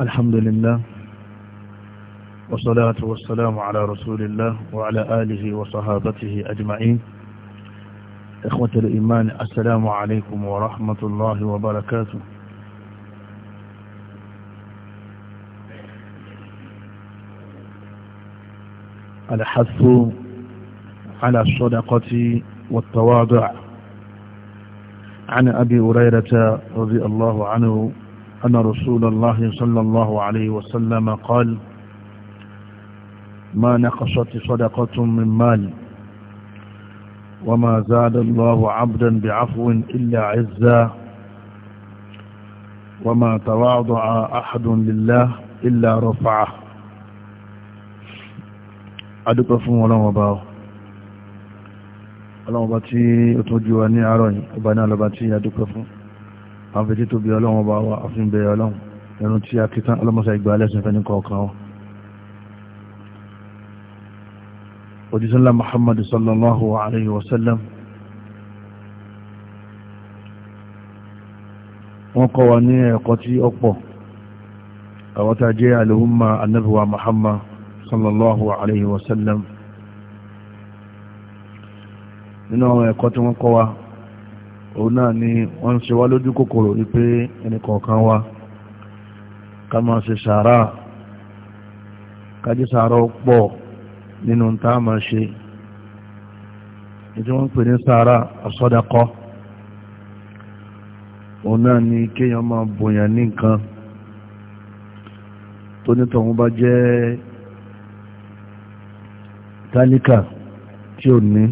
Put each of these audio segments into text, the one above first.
الحمد لله والصلاة والسلام على رسول الله وعلى آله وصحابته أجمعين إخوة الإيمان السلام عليكم ورحمة الله وبركاته الحث على الصدقة والتواضع عن أبي هريرة رضي الله عنه أن رسول الله صلى الله عليه وسلم قال ما نقصت صدقة من مال وما زاد الله عبدا بعفو إلا عزا وما تواضع أحد لله إلا رفعه adúpẹ́ fún ọlọ́wọ̀n ọba ọ̀ ọlọ́wọ̀n ọba tí ó tọ́jú wa ní àwọn fetí tóbi ọlọ́run ọba wa àfihàn bẹ̀rẹ̀ ọlọ́run ẹnu tí a kí tán ọlọ́mọṣẹ́ ìgbà alẹ́sìn fẹ́ ní kọ̀ọ̀kan wọn. òjíṣẹ́ ńlá muhammadu sallallahu alayhi wa sallam wọ́n kọ́ wa ní ẹ̀kọ́ tí ó pọ̀ àwọn tá a jẹ́ alùhùmá anábìwá muhammad sallallahu alayhi wa sallam nínú àwọn ẹ̀kọ́ tí wọ́n kọ́ wa òun náà ni wọ́n ń ṣe wá lójú kòkòrò wípé ẹnìkọ̀ọ̀kan wa ká máa ṣe sàárà kájí sàárà pọ̀ nínú tá a máa ṣe ìdí wọ́n ń pè ní sàárà àsọdakọ́ òun náà ni kéèyàn máa bòyàn ní nǹkan tó nítọ̀hún bá jẹ́ tálíkà tí ò ní.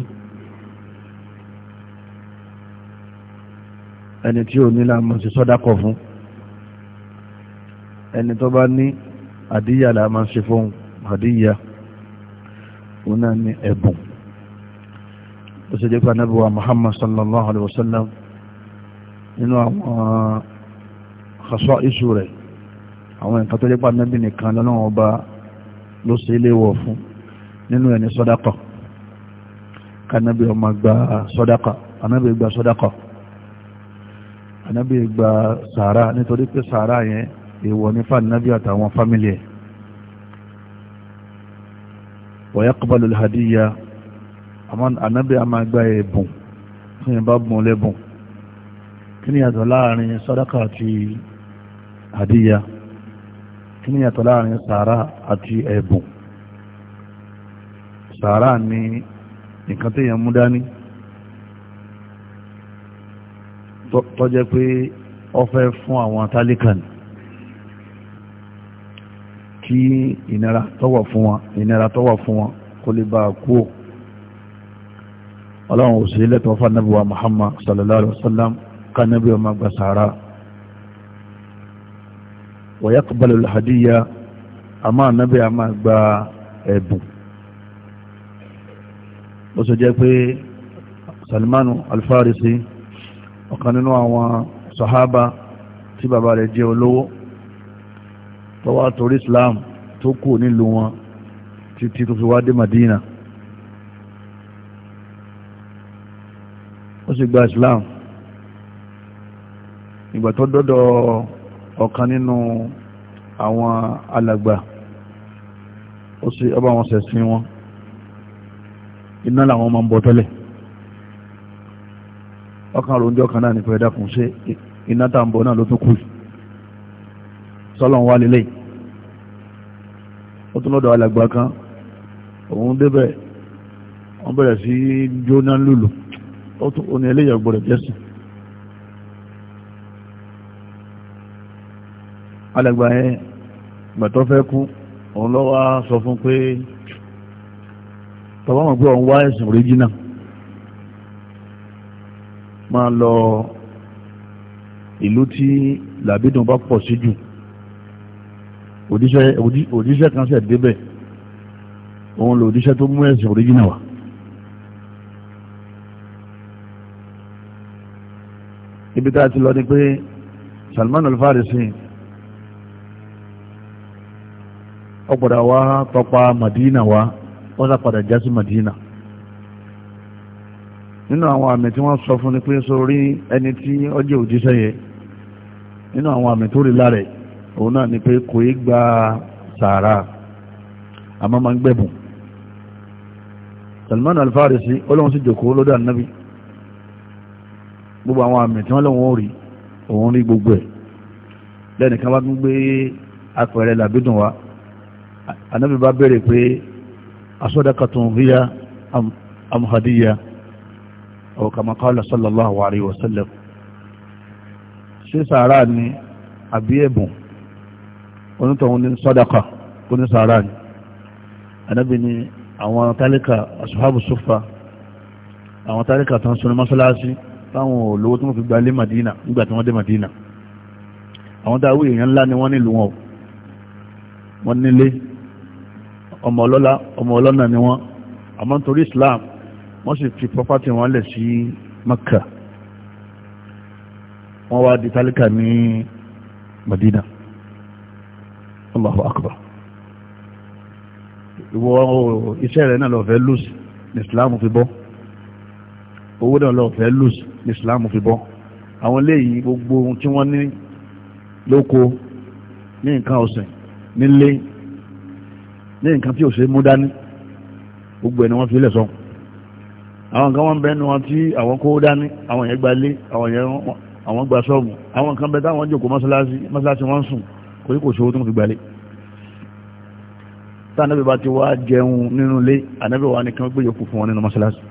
ẹni tí ò ní láàmọ̀ sí sọ́dákọ̀ fún ẹni tó bá ní àdíyà láàmọ̀ sí fún àdíyà òun náà ní ẹ̀bùn tó ṣe jẹ́ pé anábíwá Muhammad sallallahu alaihi wasallam nínú àwọn khasaisu rẹ̀ àwọn nǹkan tó jẹ́ pé anábí nìkan lọ́nà ọba ló ṣe ilé wọ̀ fún nínú ẹni sọ́dákọ̀ kanabi ọmọ gba sọ́dákọ̀ anábì gba sọ́dákọ̀ ànábì gba sàárà nítorí pé sàárà yẹn èèwọ̀ ní fàánábì àtàwọn fámìlì ẹ̀ wa yaqbalu al-hadiyya ànábì a máa gba ẹ̀bùn fún yẹn bá bùn lẹ́bùn kí ni yàtọ̀ láàrin sàdákà àti hadiyya kí ni yàtọ̀ láàrin sàárà àti ẹ̀bùn sàárà ni nǹkan tó mú dání tọ́jẹ́ pé ọfẹ́ fún àwọn tálíkàn kí ìnira tọ́wọ̀ fún wọn ìnira tọ́wọ̀ fún wọn kó lè bá a kú ò ọlọ́run ò sí lẹ́tọ̀ọ́ fún anábìwá Muhammad sallallahu alayhi wa sallam kánábì ọmọ gba sàárà wa yaqbalu al àmọ́ anábì àmọ́ gba ẹ̀bùn ó sọ jẹ́ pé Salmanu al ọ̀kan nínú àwọn sahaba tí bàbá rẹ̀ jẹ́ olówó tó wá torí islam tó kù nílùú wọn títí tó fi wá dé madina ó sì gba islam ìgbà tó dọ́dọ̀ ọ̀kan nínú àwọn alàgbà ó sì ọba wọn ṣẹ̀sìn wọn iná làwọn máa ń bọ̀ tọ́lẹ̀ ọkàn ròjọ́ kan náà ní fẹ́ dákun ṣe iná tá à ń bọ̀ náà ló tún kù sọ́lọ́n wá lélẹ̀ ó tún lọ́dọ̀ alàgbà kan òun débẹ̀ wọ́n bẹ̀rẹ̀ sí jóná lùlù ó tún ó ní gbọ́dọ̀ jẹ́sìn alàgbà yẹn gbàtọ́ fẹ́ kú òun lọ́wọ́ sọ fún pé tọ́wọ́n mọ̀ pé òun wá ẹ̀sìn oríjìnà máa lọ ìlú tí làbídùn bá pọ̀ sí jù òdíṣẹ́ kan ṣẹ̀ débẹ̀ òun lò òdíṣẹ́ tó mú ẹ̀sìn oríjìnà wá. ibi tá a ti lọ ni pé Salman al-Farisi ọ̀pọ̀dà wa tọpa Madina wa wọ́n sá padà já sí Madina. nínú àwọn àmì tí wọ́n sọ fún ní pé sórí ẹni tí ọjọ́ òjíṣẹ́ yẹ nínú àwọn àmì tó rí lára òun náà ni pé kò í gba sàárà àmọ́ máa ń gbẹ̀bùn Salman Al-Farisi ọlọ́run sì jòkó lọ́dọ̀ ànábì gbogbo àwọn àmì tí wọ́n rí òun rí gbogbo ẹ̀ lẹ́nìkan bá gbé apẹ̀rẹ̀ làbídùn wa bá أو كما قال صلى الله عليه وسلم ṣé sàárà ni àbí ẹ̀bùn onítọ̀hún ní sọ́dọ̀kà kó ní sàárà ni anábì ni àwọn tálíkà asuhabu sufa àwọn tálíkà tó ń sunú mọ́sálásí táwọn olówó tó ń fi gba lé Madina nígbà tí wọ́n dé Madina àwọn dáwó èèyàn ńlá ni wọ́n nílùú wọn wọ́n nílé ọmọ ọlọ́lá ọmọ ọlọ́nà ni wọ́n àmọ́ nítorí Islam wọ́n sì fi pọ́pátì wọn lẹ̀ sí Mẹ́kà wọ́n wá di tálíkà ní Madina Allahu Akbar ìwọ iṣẹ́ rẹ̀ náà lọ fẹ́ lùs ní Islam fi bọ́ owó náà lọ fẹ́ lùs ní Islam fi bọ́ àwọn eléyìí gbogbo ohun tí wọ́n ní lóko ní nǹkan ọ̀sìn nílé ní nǹkan tí ò ṣe mú dání gbogbo ẹ̀ ni wọ́n fi lẹ̀ sọ́hùn àwọn kan wọ́n bẹ́nu wọn tí àwọn kó dání àwọn yẹn gbalé àwọn yẹn gba sọ́ọ̀mù àwọn kan bẹ táwọn jòkó mọ́sálásí mọ́sálásí wọ́n sùn kò ní kò sówó tó ń fi gbalé tánàbí bá ti wá jẹun nínú ilé ànábì wa ni kan gbé yòókù fún wọn nínú mọ́sálásí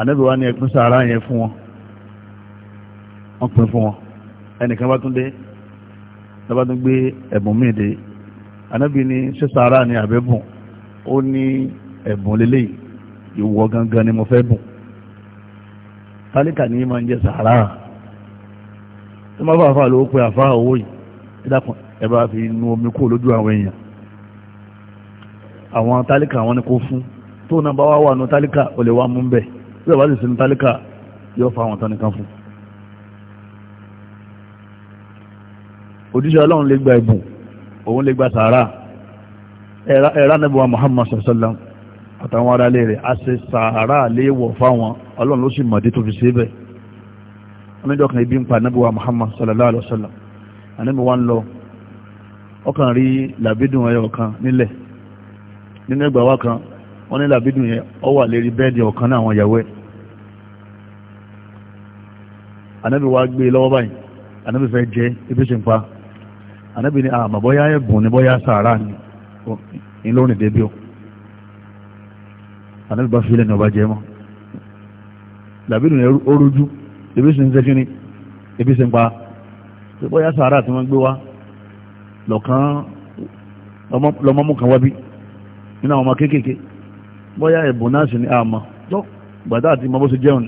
ànábì wa ni ẹ̀pín sàárà yẹn fún wọn wọ́n pín fún wọn ẹnìkan bá tún dé lọ́ba tún gbé ẹ̀bùn míì dé ànábì ni ṣé sàárà ni àbẹ́bùn ó ní ẹ̀bùn lélẹ́yìí ìwọ gangan ni mo fẹ́ bùn tálíkà ní máa ń jẹ sàárà tó máa bá àfáà lówó pé àfáà owó yìí ẹ̀dàkùn ẹ bá fi nu omi kó lójú àwọn èèyàn àwọn tálíkà wọn ni kó fún tó náà bá wá wà nù tálíkà ò lè wá mú bẹ́ẹ̀ bí ọba sì sinú tálíkà yóò fa àwọn tán fún òjíṣẹ́ ọlọ́run lè gba ẹ̀bùn òun lè gba sàárà ẹ̀rá nẹ́bùwà Muhammad sallallahu àtàwọn aráalé rẹ̀ a ṣe sàárà léèwọ̀ fáwọn ọlọ́run ló sì mọ̀dé tó fi ṣe bẹ́ẹ̀ oníjọ́ kan ibi ń pa anábíwá Muhammad sallallahu alayhi wa sallam anábí wa ń lọ ọkàn rí làbídùn ẹyọ kan nílẹ̀ nínú ẹgbà wa kan wọ́n ní làbídùn yẹn ọ wà lérí bẹ́ẹ̀dì ọ̀kan náà àwọn ìyàwó ẹ̀ anábí wa gbé e lọ́wọ́ báyìí anábí fẹ́ jẹ́ ibi ṣe ń pa anábí ni àmọ́ bọ́yá ẹ̀bùn ni bọ́yá sàárà ni ìlónìí débí ànábì bá filẹ̀ ní ọba jẹ́ mọ́ làbínú yẹn ó rújú ebi sì ń ṣe kíni ebi sì ń pa bóyá sàárà tí wọ́n gbé wá lọ́kàn lọ́mọ́mú kan wá bí nínú àwọn ọmọ kéékèèké bóyá ẹ̀bùn náà sì ní àmọ́ tó gbàdá àti mọ́ bó ṣe jẹun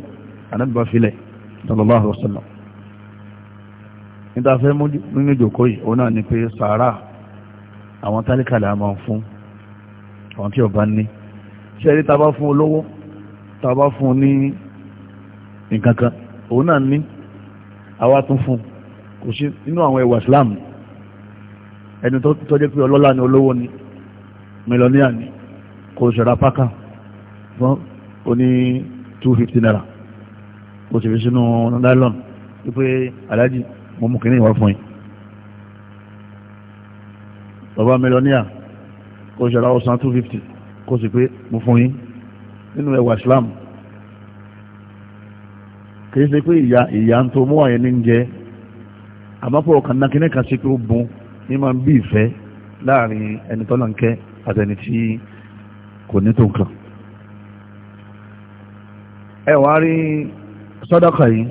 ànábì bá filẹ̀ sallallahu alaihi wasallam níta fẹ́ mú nínú ìjòkó yìí òun náà ni pé sàárà àwọn tálíkàlà máa fún àwọn tí ọba ní ṣẹ́rí tá a bá fún olówó tá a bá fún ní nǹkan kan òun náà ní àwa tún fún kò sí nínú àwọn ẹwà Islam ẹni tó jẹ́ pé ọlọ́lá ni olówó ni mílíọ̀nìyà ni kò ṣẹ̀ra pákà fún oní 250 naira kò sì fi sínú nylon wípé aláàjì mo mú kìíní ìwà fún yín bàbá mílíọ̀nìyà kò ṣẹ̀ra ọ̀sán 250 kó sì pé mo fún yín nínú ẹwà islam kìí ṣe pé ìyá ìyá ń tó mú àyẹ̀ ní jẹ àmọ́pọ̀ kànákínẹ́ kan sí pé ó bun ní máa ń bí ìfẹ́ láàrin ẹni tọ́lọ̀ ń kẹ́ àtẹni tí kò ní tó nǹkan ẹ wá rí sàdákà yìí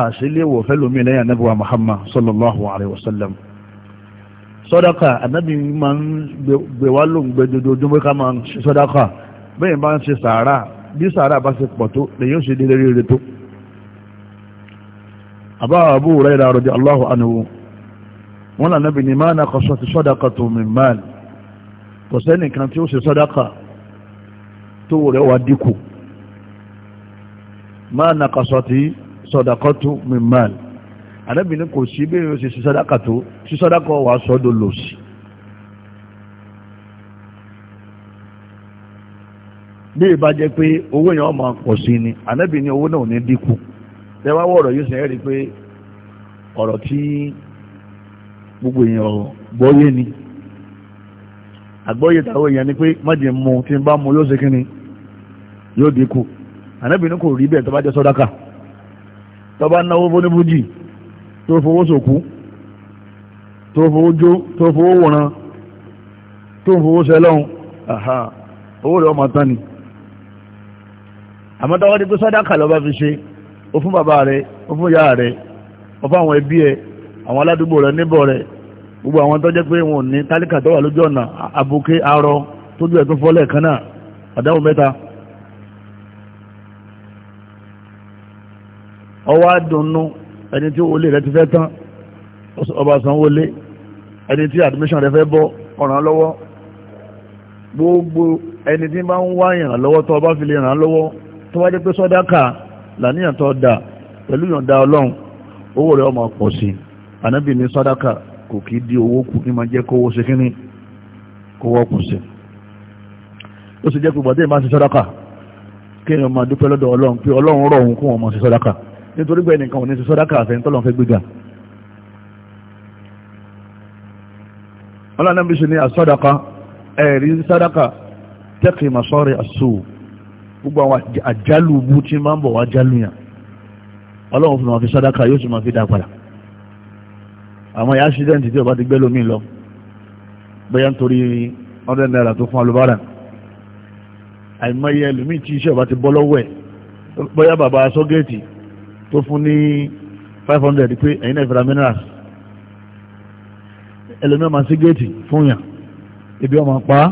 àṣìlẹ́wọ̀ fẹ́lómi lẹ́yìn anábíwá Muhammad sallallahu alayhi wa sallam sọ́dáka ànábì máa ń gbé wá lóun gbé dojoojúmọ́ ká máa ń ṣe sọ́dáka bẹ́ẹ̀ bá ń ṣe sàárà bí sàárà bá ṣe pọ̀ tó lèyìn ó ṣe délé rere tó àbá Abu Hurairah radiyallahu anhu wọn là nábì ní máa nàkọ sọ ti sọ́dáka tó mi máa kò sẹ́nìkan tí ó ṣe sọ́dáka tó rẹ̀ wá dínkù máa nàkọ sọ ti sọ́dáka tó mi máa Anebini kò sí bí èèyàn ṣe ṣe tó ṣe wà sọ́dọ̀ lò sí. bí ìbá jẹ́ pé owó pọ̀ sí ni ànábì owó náà ní dínkù lẹ́wọ́ ọ̀rọ̀ yóò sẹ́yìn rí pé ọ̀rọ̀ tí gbogbo èèyàn gbọ́yé ni ni pé mu tí bá mu yóò ṣe kí ni yóò dínkù ní kò rí bẹ́ẹ̀ tó bá jẹ́ tó fowó sòkú tó fowó jó tó fowó wòran tó fowó sẹlọ́hún aha owó rẹ̀ ọmọ tán ni àmọ́ tọ́wọ́ lọ́ba fi ṣe ó fún bàbá rẹ̀ ó fún ìyá rẹ̀ ó fún àwọn ẹbí ẹ̀ àwọn aládùúgbò rẹ̀ níbọ̀ rẹ̀ gbogbo àwọn tó jẹ́ pé wọn arọ tójú ẹ̀ tó fọ́lẹ̀ kan ẹni tí wọlé rẹ ti fẹ́ tán ọba san wọlé ẹni tí admission rẹ fẹ́ bọ́ ọ̀ràn lọ́wọ́ gbogbo ẹni tí bá ń wá ìrànlọ́wọ́ tó bá fi lè ràn lọ́wọ́ tó wá pé sọ́dáka làníyàn tó dà pẹ̀lú ìyọ̀ǹda ọlọ́run owó rẹ̀ ọmọ pọ̀ sí ànábì ní sọ́dáka di owó kù ní máa jẹ́ kówó ṣe kíní kówó kù sí ó sì jẹ́ pé bọ̀dé máa ṣe sọ́dáka kí lọ́dọ̀ ọlọ́run pé nítorí pé ẹnìkan ò ní ti sọ́dáka àfẹ́ ńtọ́lọ́ fẹ́ gbéga ọlọ́run náà bí ṣe ní àsọ́dáka ẹ̀rí sọ́dáka tẹ́kì masọ́rẹ̀ àṣù gbogbo àwọn àjálù bú tí máa ń bọ̀ wá jálù yàn ọlọ́run fún ma fi sọ́dáka yóò sì máa fi dá padà àmọ́ ìyá accident tí o bá ti gbé lómi lọ bóyá nítorí ọdẹ náírà tó fún alubára àìmọye ẹlòmíì tí iṣẹ́ ọba ti bọ́ lọ́wọ́ ẹ̀ bóyá bàbá sọ́gẹ́ẹ̀tì tó fún ní five hundred pé ẹ̀yin náà ìfẹ́ra minerals ẹlòmíọ́ máa sí géètì fún yàn ibi ọmọ pa á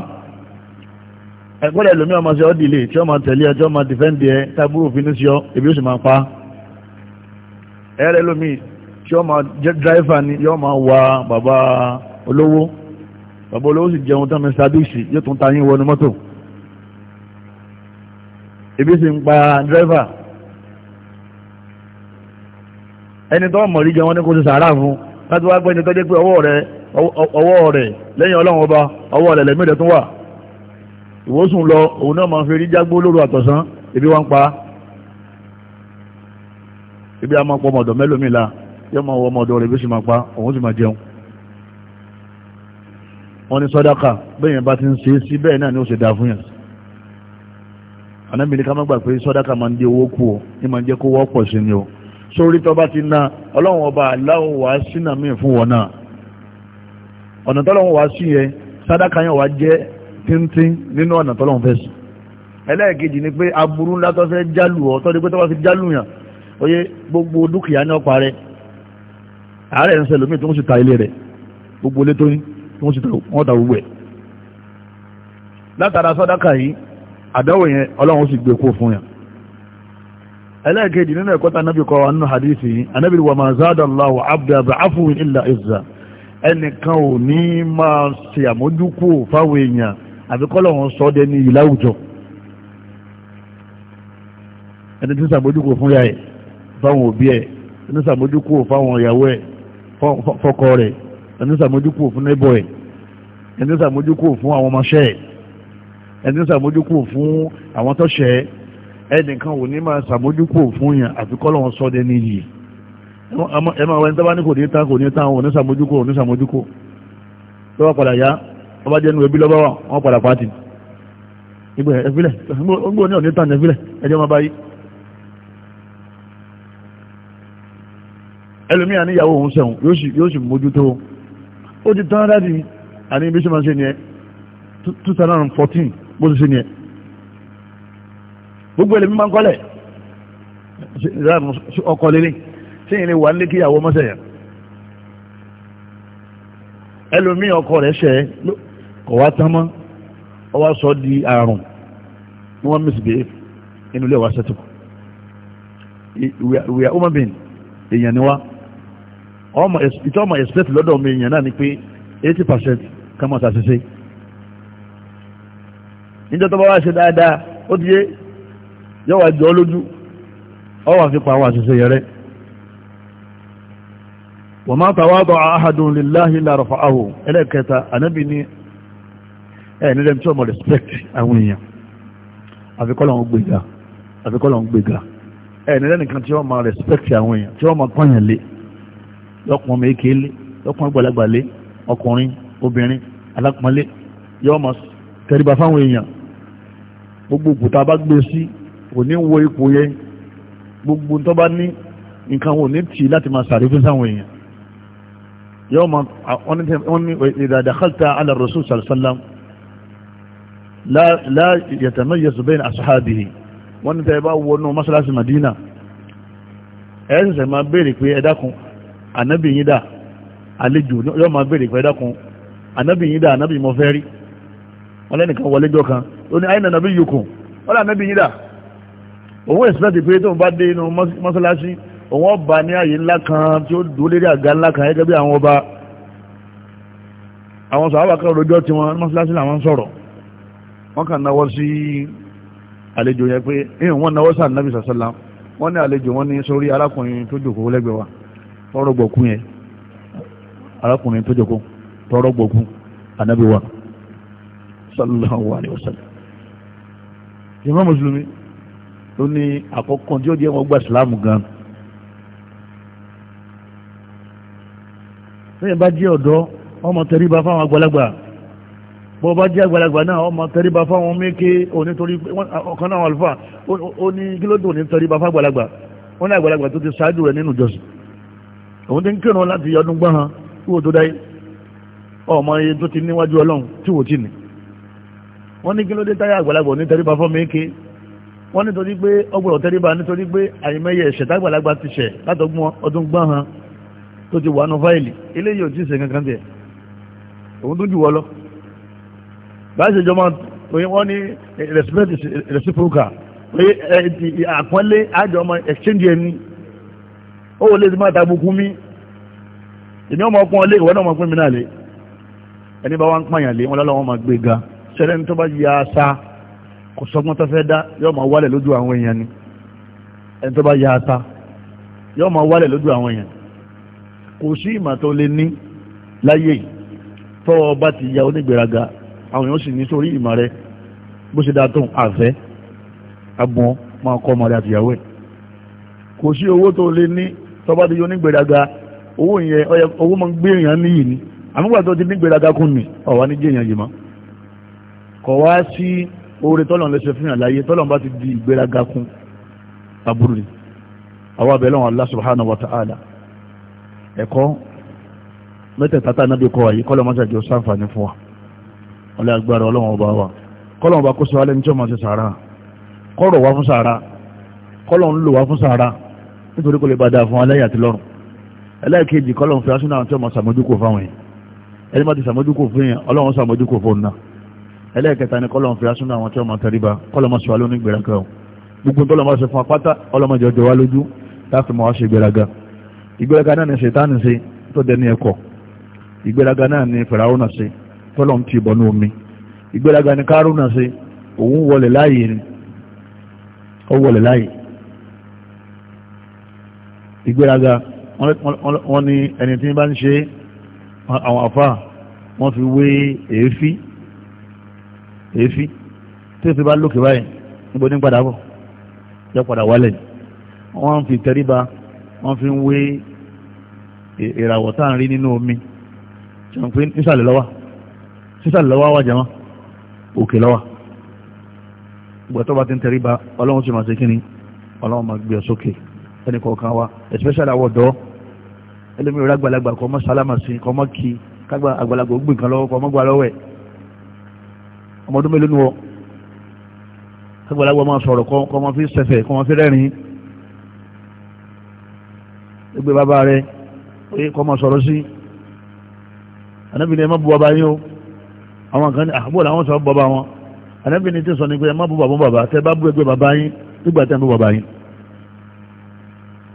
ẹgbọ́dọ̀ ẹlòmíọ́ máa ṣe ọ́ dìlé tí wọ́n máa tẹ̀lé ẹ tí dìfẹ́ǹdì ẹ tábúrò fi ní sí ọ ibi ó sì máa pa ẹ̀rẹ́ ẹlòmíì tí wọ́n jẹ́ dráìfà ni yọ́ máa wa bàbá olówó bàbá olówó sì jẹun tán mr bíṣì yóò tún ta yín wọnú mọ́tò ibi sì ń pa dráìfà ẹni tó mọ̀ rí jẹ wọn ní kó ti sàárà fún láti wá gbé ẹni tó jẹ́ pé ọwọ́ rẹ̀ ọwọ́ rẹ̀ lẹ́yìn ọlọ́run ọba ọwọ́ rẹ̀ lẹ́mí rẹ̀ tún wà ìwòsùn lọ òun náà máa fi rí jágbó lóru àtọ̀sán ibi wọn pa ibi a máa pọ ọmọdọ̀ mẹ́lòmíì la yóò máa wọ ọmọdọ̀ rẹ̀ bí ó sì máa pa òun sì máa jẹun wọ́n ní sọ́dáka bẹ́yẹn bá ti ń ṣe sí bẹ́ẹ̀ náà ni ó ṣe dáa fún yàn anábìnrin ká má gbà pé sọ́dáka máa ń dé owó kú o ní máa ń jẹ́ kó wọ́pọ̀ sí ni o sórí tọ́ba ti na ọlọ́run ọba aláwọ̀ wá sínà míì fún wọn náà ọ̀nà tọ́lọ́run wá sí yẹn sádàkà yẹn wá jẹ́ tíntín nínú ọ̀nà tọ́lọ́run fẹ́ sùn ẹlẹ́ẹ̀kejì ni pé aburú ńlá tó fẹ́ jálù ọ́ tọ́ di pé tọ́ba fi jálù yàn oyè gbogbo dúkìá ní ọ̀pá rẹ̀ ààrẹ ń sẹlẹ̀ omi tó ń sì ta ilé rẹ̀ gbogbo ilé tó ń tó ń sì ta wọ́n ta gbogbo ẹ̀ látara sádàkà yìí àdáwò yẹn ọlọ́run sì gbé kó fún yàn ẹlẹ́ẹ̀kejì nínú ẹ̀kọ́ tá nábì kọ́ wa nínú hadithi anábì wa ma zada Allahu abda ba'afwin illa izza ẹnìkan ò ní máa ṣe àmójúkú fáwọn èèyàn àbíkọ́lọ̀ wọn sọ dẹni ìláwùjọ ẹni tí sàmójúkú fún yá ẹ̀ fáwọn òbí ẹ̀ ẹni sàmójúkú fáwọn ìyàwó ẹ̀ fọ́kọ rẹ̀ ẹni sàmójúkú fún nẹ́bọ̀ ẹ̀ ẹni sàmójúkú fún àwọn ọmọṣẹ́ ẹ̀ ẹni sàmójúkú fún àwọn tọ́ṣẹ́ ẹ̀ ẹnìkan ò ní máa sàmójúkò fún yàn àfi kọ́lọ́wọ́n sọ́dẹ níyì ẹ máa wẹ́n tábà ní kò ní tán kò ní tán ò ní sàmójúkò ò ní sàmójúkò tó wà padà yá ọba jẹnu ẹbí lọ́wọ́ wọn padà pàtì ìgbẹ̀ ẹfílẹ̀ ọgbọ̀n ní òní tán ẹfílẹ̀ ẹjọ́ máa báyìí ẹlòmíà níyàwó òun sẹ̀wọ̀n yóò sì mójútó ó ti tán dáàdì àní ibi sí ni ẹ 2014 bó ti ṣe ni ẹ gbogbo ẹlẹ́mí máa ń kọ́lẹ̀ ọkọ̀ lélẹ̀ tí ìyẹn lè wà nílé kíyàwó mọ́sẹ̀ yẹn ẹlòmí ọkọ rẹ̀ ṣẹ̀ kọ̀ wá tán mọ́ ọ wá sọ di àrùn ni wọ́n mìsìgbé inú ilé wa ṣètò we are human being èèyàn ni wá ìtọ́ ọmọ expect lọ́dọ̀ ọmọ èèyàn náà ni pé eighty percent kàmọ́ ṣàṣìṣe níjọ́ tó bá wá ṣe dáadáa ó ti yé yọ́wà jọ lójú ọwà fi pa àwọn àṣìṣe yẹrẹ wọ́n máa tàwádọ̀ ahadun lillahi lárọ̀fà ahù ẹlẹ́kẹta anábì ní ẹ̀ẹ́nìyàn tí ọmọ respect àwọn èèyàn àfikọ́lọ̀ ń gbéga àfikọ́lọ̀ ń gbéga ẹ̀ẹ́nìyàn nìkan tí ọmọ respect àwọn èèyàn tí ọmọ pọ́nyàn lé lọ́kùn ọmọ èké lé lọ́kùn àgbàlagbà lé ọkùnrin obìnrin alápọ̀nlé yọ́ ọmọ tẹríba fáwọn èèyàn gbogbo òkúta bá gbé sí kò ní wo ipò yẹn gbogbo tó bá ní nǹkan wò ní tì láti máa sàrífín sáwọn èèyàn yóò máa wọ́n ní ìdàdàkàtà ala rasul sallallahu la yatamayyazu bayna ashabihi wọ́n ní tẹ́ẹ̀ bá wọnú masalasi madina ẹ̀ẹ́sẹ̀ máa bèèrè pé ẹ̀dákun ànábì yín dà àlejò yóò máa bèèrè pé ẹ̀dákun ànábì yín dà ànábì mọ́fẹ́rí wọ́n lẹ́nìkan wọlé jọ kan ó ní àyìnà nàbí yòókùn wọ́n lẹ́ ànábì yín dà òun ẹ̀sìpẹ́tì pé tóun bá dé inú mọ́sálásí òun ọba ní àyè ńlá kan tí ó dúró lérí àga ńlá kan gẹ́gẹ́ bí àwọn ọba àwọn sàábà kan rojọ́ tí wọ́n mọ́sálásí làwọn sọ̀rọ̀ wọ́n kàn náwó sí àlejò yẹn pé ẹ̀yìn wọ́n náwó sáà nàbì sàṣálà wọ́n ní àlejò wọn ní sórí arákùnrin tó jòkó lẹ́gbẹ̀ẹ́ wa tọrọ gbọ̀kú yẹn arákùnrin tó jòkó tọrọ gbọ̀kú ànábì wa sallallahu alayhi wa sallam ìmọ̀ mùsùlùmí ló ní àkọ́kọ́ tí ó jẹ́ wọn gba ìsìláàmù gan. lẹ́yìn bá jẹ́ ọ̀dọ́ ọmọ tẹríba fáwọn àgbàlagbà bọ́ bá jẹ́ àgbàlagbà náà ọmọ tẹríba fáwọn méke onítorí ọ̀kan náà àlùfà ó ní kí ló dùn ní tẹríba fáwọn àgbàlagbà wọ́n ní àgbàlagbà tó ti ṣáájú rẹ̀ nínú ìjọsìn òun ti ń kírun láti ọdún gbọ́n han kúrò tó dáyé ọmọ iye tó ti níwájú ọlọ́run tí wò ti nì wọ́n ní kí ló dé táyà àgbàlagbà ní tẹríba fáwọn méke wọ́n nítorí pé ọgbọ̀rọ̀ tẹ́ríba nítorí pé àìmẹ́yẹ ẹ̀ṣẹ̀ tágbàlagbà ti ṣẹ̀ látọgbọ́n ọdún gbọ́n han tó ti wà nù fáìlì eléyìí ò tí ì ṣe kankan tẹ̀ òun tó jù wọ́ lọ. báyìí ṣe wọ́n ní respect reciprocal àpọ́nlé àjọ exchange ẹni ó wọlé ti máa tàbùkù mí èmi ọmọ ọpọ́n lé ìwọ́n náà ọmọ pín mi náà lé ẹni bá wá ń pààyàn lé wọn lọ́wọ́ kò sọgbọ́n tó fẹ́ dá yóò máa wálẹ̀ lójú àwọn èèyàn ni ẹni tó bá ya ata yóò máa wálẹ̀ lójú àwọn èèyàn kò sí ìmọ̀ tó lè ní láyé tó o bá ti ya onígbèraga àwọn èèyàn sì ní sórí ìmọ̀ rẹ bó ṣe dáa tó àfẹ́ agbọn máa kọ́ ọmọ rẹ àtìyàwó ẹ̀ kò sí owó tó lè ní tó bá ti ya onígbèraga owó yẹn owó máa ń gbé èèyàn níyì ni àmúgbà tó ti nígbèraga kún ni ọ̀wá ní jẹ́ èèyàn yìí mọ́ kọ̀ wá sí. Si, oore tọ́lọ̀ lè ṣe fún yàn tọ́lọ̀ bá ti di ìgbéraga kún aburú ni àwọn abẹ́lẹ́ wọn Allah subhanahu wa ta'ala ẹ̀kọ́ mẹ́tẹ̀ẹ̀ta tá nábì kọ́ wáyé kọ́lọ̀ mọ́sàgì ó sáǹfààní fún wa ọlẹ́ agbára ọlọ́wọ́n ọba wa kọ́lọ̀ ọba kó sọ alẹ́ ní tí ó máa ṣe sàárà kọ́rọ̀ wá fún sàárà kọ́lọ̀ ń lò wá fún sàárà nítorí kò lè bá dáa fún alẹ́ àti lọ́rùn ẹlẹ́ẹ̀kejì kọ́lọ̀ ń fi aṣọ náà tí ó fáwọn yẹn ẹni má ti ṣàmójúkò fún yẹn ọlọ́run ṣàmójúkò fún náà ẹlẹ́ẹ̀kẹta ni kọ́lọ̀ fi asúnà àwọn tí ọmọ tẹríba kọ́lọ̀ mọ́ sọ alóní gbéraga o gbogbo tọ́lọ̀ mọ́ ṣe fún apáta ọlọ́mọdé ọjọ́ wa lójú láti mọ́ wá ṣe gbéraga ìgbéraga náà ni ṣètánì ṣe tó dẹni ẹ̀kọ́ ìgbéraga náà ni fìràwọ́nà ṣe tọ́lọ̀ ń ti bọ̀ ní omi ìgbéraga ni kárùnà ṣe òun wọlé láàyè ni ó wọlé láàyè ìgbéraga wọ́n ní ẹni tí bá ń ṣe àwọn àfáà wọ́n fi wé èéfín èéfí tí èéfí bá lókè báyìí níbo ní padà bọ̀ yọ padà wálẹ̀ wọ́n fi tẹríba wọ́n fi ń wé ìràwọ̀ tá à ń rí nínú omi ṣùgbọ́n pé nísàlẹ̀ lọ́wọ́ sísàlẹ̀ lọ́wọ́ wà jẹ́mọ́ òkè lọ́wọ́ ìgbà tó bá ti ń tẹríba ọlọ́run ti máa ṣe kíni ọlọ́run máa gbé ọ sókè ẹnì kọ̀ọ̀kan wa especially àwọn ọ̀dọ́ ẹlẹ́mi ìrora àgbàlagbà kọ́ mọ́ sálámà sí kọ́ mọ́ kí kágbà àgbàlagbà ó gbìn kan lọ́wọ́ kọ́ mọ́ gbà lọ́wọ́ ẹ̀ ọmọdún mélòó ni wọ́n agbàlagbà máa sọ̀rọ̀ kọ́ máa fi sẹ̀fẹ̀ kọ́ máa fi rẹ́rìn ẹgbẹ́ bàbá rẹ kọ́ máa sọ̀rọ̀ sí Ànábì ní ẹ má bu bàbá yín o àwọn kan ní àbúrò ah, làwọn sọ̀rọ̀ bàbá wọn Ànábì ní ti sọ ní pé ẹ má bu bàbá bàbá tẹ bá bu ẹgbẹ́ bàbá yín nígbà tẹ́ ń bu bàbá yín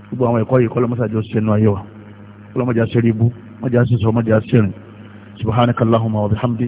gbogbo àwọn ẹ̀kọ́ yìí kọ́ lọ́mọ́sàjọ́ sẹ́nu ayé wa kọ́ lọ́mọ́jà sẹ́rí ibú mọ́jà sísọ mọ́jà sẹ́rìn subhanakallahumma wa bihamdi